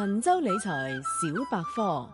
神州理財小百科。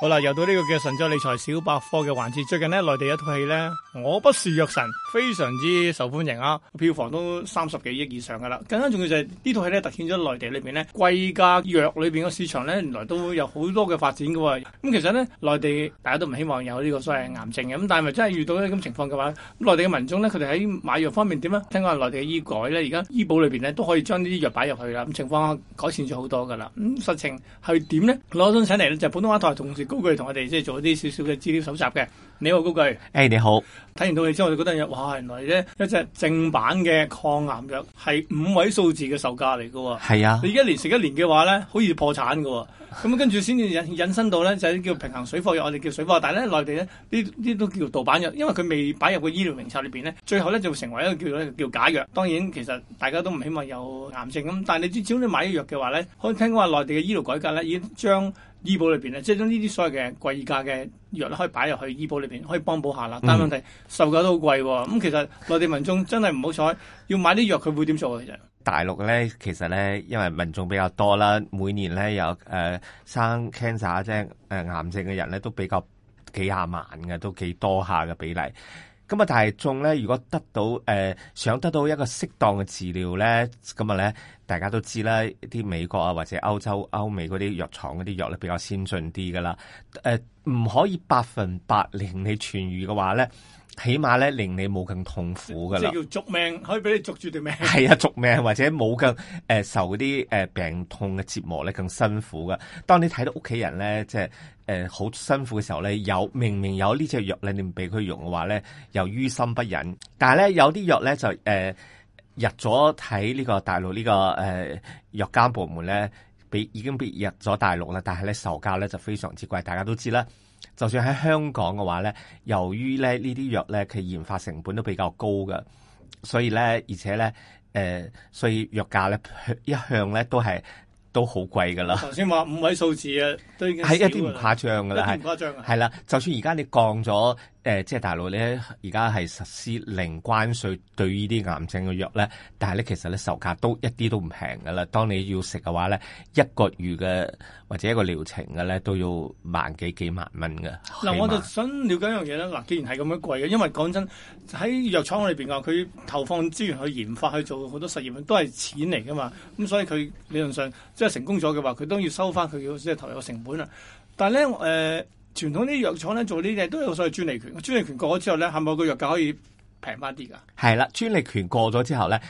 好啦，又到呢個嘅神州理財小百科嘅環節。最近呢，內地一套戲咧，我不是藥神非常之受歡迎啊，票房都三十幾億以上噶啦。更加重要就係呢套戲咧，凸顯咗內地裏邊咧貴價藥裏邊嘅市場咧，原來都有好多嘅發展噶、哦。咁、嗯、其實咧，內地大家都唔希望有呢個所謂癌症嘅。咁但係咪真係遇到呢咁情況嘅話，內地嘅民眾咧，佢哋喺買藥方面點啊？聽講係內地嘅醫改咧，而家醫保裏邊咧都可以將呢啲藥擺入去啦，咁情況改善咗好多噶啦。咁、嗯、實情係點咧？攞咗請嚟就就係、普通話台同事。高炬嚟同我哋即係做一啲少少嘅資料搜集嘅，你好，高炬？誒，hey, 你好，睇完到你之後，我就覺得哇，原來咧一隻正版嘅抗癌藥係五位數字嘅售價嚟嘅，係啊，你而家連食一年嘅話咧，好易破產嘅，咁、嗯、跟住先至引引申到咧就係叫平衡水貨藥，我哋叫水貨，但係咧內地咧呢呢都叫盜版藥，因為佢未擺入個醫療名冊裏邊咧，最後咧就會成為一個叫做叫假藥。當然，其實大家都唔希望有癌症咁，但係你至少你買啲藥嘅話咧，可以聽講話內地嘅醫療改革咧已經將。醫保裏邊咧，即係將呢啲所有嘅貴價嘅藥咧，可以擺入去醫保裏邊，可以幫補下啦。但係問題售價都好貴喎。咁其實內地民眾真係唔好彩，要買啲藥佢會點做啊？其實大陸咧，其實咧，因為民眾比較多啦，每年咧有誒、呃、生 cancer 即係誒癌症嘅人咧，都比較幾廿萬嘅，都幾多下嘅比例。咁啊，大眾咧，如果得到誒、呃、想得到一個適當嘅治療咧，咁啊咧，大家都知啦，啲美國啊或者歐洲歐美嗰啲藥廠嗰啲藥咧，比較先進啲噶啦，誒、呃、唔可以百分百令你痊愈嘅話咧。起碼咧令你冇咁痛苦噶啦，即係叫續命，可以俾你續住條命。係啊，續命或者冇咁誒受嗰啲誒病痛嘅折磨咧，更辛苦噶。當你睇到屋企人咧，即係誒好辛苦嘅時候咧，有明明有呢隻藥咧，你唔俾佢用嘅話咧，又於心不忍。但係咧有啲藥咧就誒、呃、入咗喺呢個大陸呢、呢個誒、呃、藥監部門咧，俾已經入咗大陸啦，但係咧售價咧就非常之貴，大家都知啦。就算喺香港嘅話咧，由於咧呢啲藥咧佢研發成本都比較高嘅，所以咧而且咧誒、呃，所以藥價咧一向咧都係都好貴噶啦。頭先話五位數字啊，都已經係一啲唔誇張噶啦，一啲唔誇張啊，係啦，就算而家你降咗。誒、呃，即係大陸咧，而家係實施零關稅對呢啲癌症嘅藥咧，但係咧其實咧售價都一啲都唔平㗎啦。當你要食嘅話咧，一個月嘅或者一個療程嘅咧都要萬幾幾萬蚊㗎。嗱，我就想了解一樣嘢啦。嗱，既然係咁樣貴嘅，因為講真喺藥廠裏邊啊，佢投放資源去研發去做好多實驗都係錢嚟㗎嘛。咁、嗯、所以佢理論上即係成功咗嘅話，佢都要收翻佢要即係投入嘅成本啊。但係咧誒、呃傳統啲藥廠咧做呢啲嘢都有所謂專利權，專利權過咗之後咧，係咪個藥價可以平返啲㗎？係啦，專利權過咗之後咧，誒、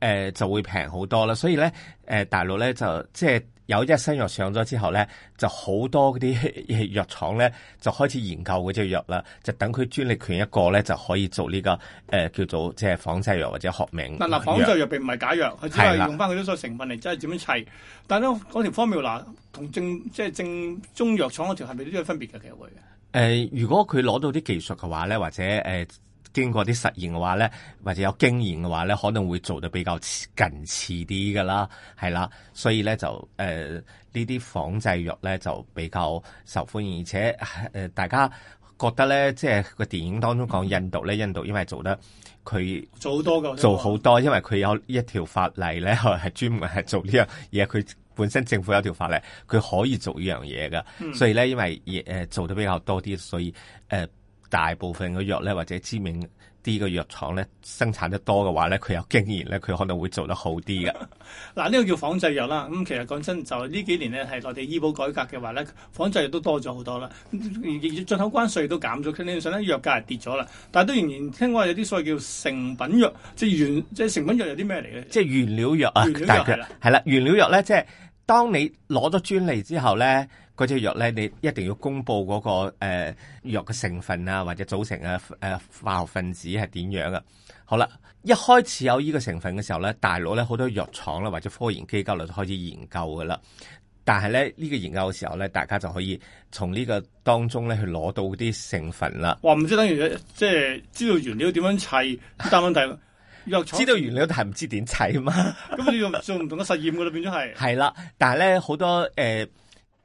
呃、就會平好多啦，所以咧，誒、呃、大陸咧就即係。有一隻新藥上咗之後咧，就好多嗰啲藥廠咧就開始研究嗰隻藥啦，就等佢專利權一過咧就可以做呢、這個誒、呃、叫做即係仿製藥或者學名。嗱，仿製藥並唔係假藥，佢的只係用翻佢啲所有成分嚟即係點樣砌。但係咧，嗰條 formula 嗱同正即係正中藥廠嗰條係咪都有分別嘅？其實會嘅。誒、呃，如果佢攞到啲技術嘅話咧，或者誒。呃經過啲實驗嘅話咧，或者有經驗嘅話咧，可能會做得比較近似啲㗎啦，係啦，所以咧就誒、呃、呢啲仿製藥咧就比較受歡迎，而且誒、呃、大家覺得咧，即係個電影當中講印度咧，印度因為做得佢做好多㗎做好多，因為佢有一條法例咧係專門係做呢樣嘢，佢本身政府有條法例，佢可以做呢樣嘢嘅，嗯、所以咧因為誒、呃、做得比較多啲，所以誒。呃大部分嘅藥咧，或者知名啲嘅藥廠咧，生產得多嘅話咧，佢有經驗咧，佢可能會做得好啲嘅。嗱，呢個叫仿製藥啦。咁其實講真，就呢幾年咧，係內地醫保改革嘅話咧，仿製藥都多咗好多啦。而進口關稅都減咗，加上咧藥價係跌咗啦。但係都仍然聽講有啲所謂叫成品藥，即係原即係成品藥有啲咩嚟嘅？即係原料藥啊，係啦，係啦，原料藥咧，即係當你攞咗專利之後咧。嗰隻藥咧，你一定要公布嗰、那個誒藥嘅成分啊，或者組成啊誒、呃、化學分子係點樣啊？好啦，一開始有呢個成分嘅時候咧，大陸咧好多藥廠啦或者科研機構啦都開始研究噶啦。但係咧呢、這個研究嘅時候咧，大家就可以從呢個當中咧去攞到啲成分啦。哇，唔知等於即係知道原料點樣砌，但問題藥廠 知道原料但係唔知點砌啊嘛？咁你仲仲唔同嘅實驗噶啦？變咗係係啦，但係咧好多誒。呃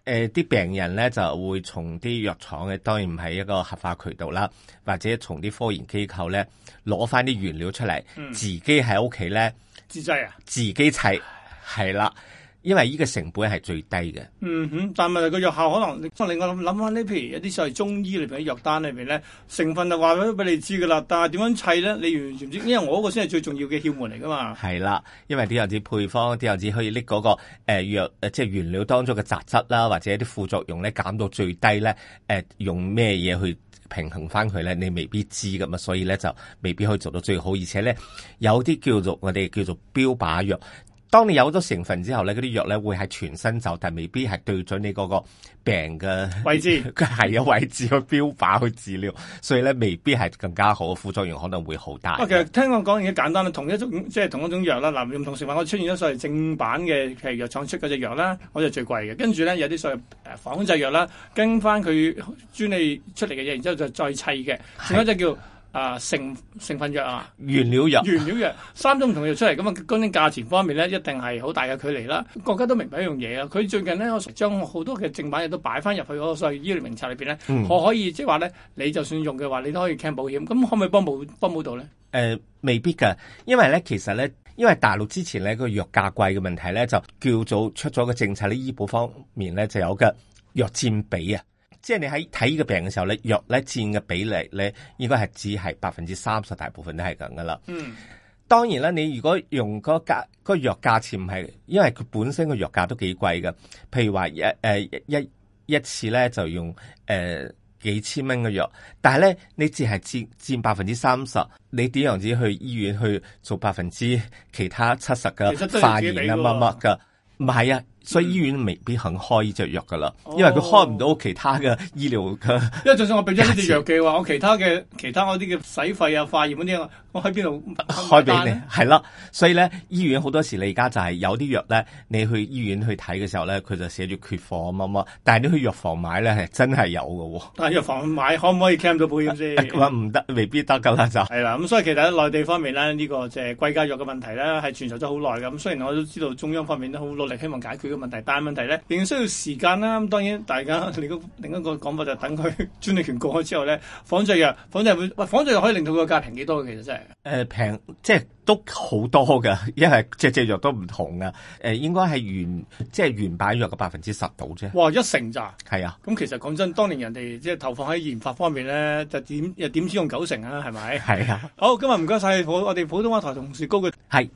誒啲、呃、病人咧就會從啲藥廠嘅，當然唔係一個合法渠道啦，或者從啲科研機構咧攞翻啲原料出嚟，嗯、自己喺屋企咧自製啊，自己砌係啦。唉因為依個成本係最低嘅。嗯哼，但係個藥效可能令我諗諗翻呢？譬如一啲所謂中醫裏邊嘅藥單裏邊咧，成分就話咗俾你知噶啦。但係點樣砌咧？你完全唔知，因為我嗰個先係最重要嘅竅門嚟噶嘛。係啦，因為啲藥子配方，啲藥子可以拎嗰、那個誒藥即係原料當中嘅雜質啦，或者啲副作用咧減到最低咧。誒、呃，用咩嘢去平衡翻佢咧？你未必知噶嘛，所以咧就未必可以做到最好。而且咧，有啲叫做我哋叫做標靶藥。當你有咗成分之後咧，嗰啲藥咧會係全身走，但係未必係對準你嗰個病嘅位置，佢係有位置去標靶去治療，所以咧未必係更加好，副作用可能會好大。啊，其實聽我講嘢簡單啦，同一種即係同一種藥啦，嗱用同成分，我出現咗所謂正版嘅係藥廠出嗰隻藥啦，我就最貴嘅，跟住咧有啲所謂誒仿製藥啦，跟翻佢專利出嚟嘅嘢，然之後就再砌嘅，另一隻叫。啊，成成分藥啊，原料藥，原料藥 三種唔同藥出嚟咁啊，嗰啲價錢方面咧，一定係好大嘅距離啦。國家都明白一樣嘢啊，佢最近咧，將好多嘅正版藥都擺翻入去嗰個所謂醫療名冊裏邊咧，嗯、可可以即係話咧，你就算用嘅話，你都可以 claim 保險。咁可唔可以幫補幫補到咧？誒、呃，未必嘅，因為咧，其實咧，因為大陸之前咧、個藥價貴嘅問題咧，就叫做出咗個政策呢醫保方面咧就有嘅藥佔比啊。即係你喺睇呢個病嘅時候咧，藥咧佔嘅比例咧，應該係只係百分之三十，大部分都係咁噶啦。嗯，當然啦，你如果用嗰價嗰藥價錢唔係，因為佢本身個藥價都幾貴噶。譬如話一誒、呃、一一,一,一次咧就用誒、呃、幾千蚊嘅藥，但係咧你只係佔佔百分之三十，你點樣子去醫院去做百分之其他七十嘅化驗啊乜乜噶？唔係啊？所以醫院未必肯開呢隻藥噶啦，因為佢開唔到其他嘅醫療、哦、因為就算我俾咗呢隻藥嘅話,我其他嘅其他我啲嘅使費啊、化驗嗰啲啊,我喺邊度開俾你？係啦，所以咧醫院好多時，你而家就係有啲藥咧，你去醫院去睇嘅時候咧，佢就寫住缺貨啊乜乜，但係你去藥房買咧係真係有嘅、哦。但係藥房買可唔可以 claim 到保險先？咁唔、啊、得，未必得噶啦就係啦。咁、嗯、所以其實內地方面咧，呢、這個就係貴價藥嘅問題咧，係存在咗好耐咁。雖然我都知道中央方面都好努力，希望解決。問題，但係問題咧仍然需要時間啦。咁當然，大家另一個另一個講法就等佢專利權過咗之後咧，仿製藥仿製藥會，喂仿製藥可以令到個價平幾多？其實真係誒，平，呃、即係都好多嘅，因為隻隻藥都唔同噶。誒，呃，應該係原即係原版藥嘅百分之十到啫。哇，一成咋？係啊。咁其實講真，當年人哋即係投放喺研發方面咧，就點又點先用九成啊？係咪？係啊。好，今日唔該晒我哋普通話台同事高炬係。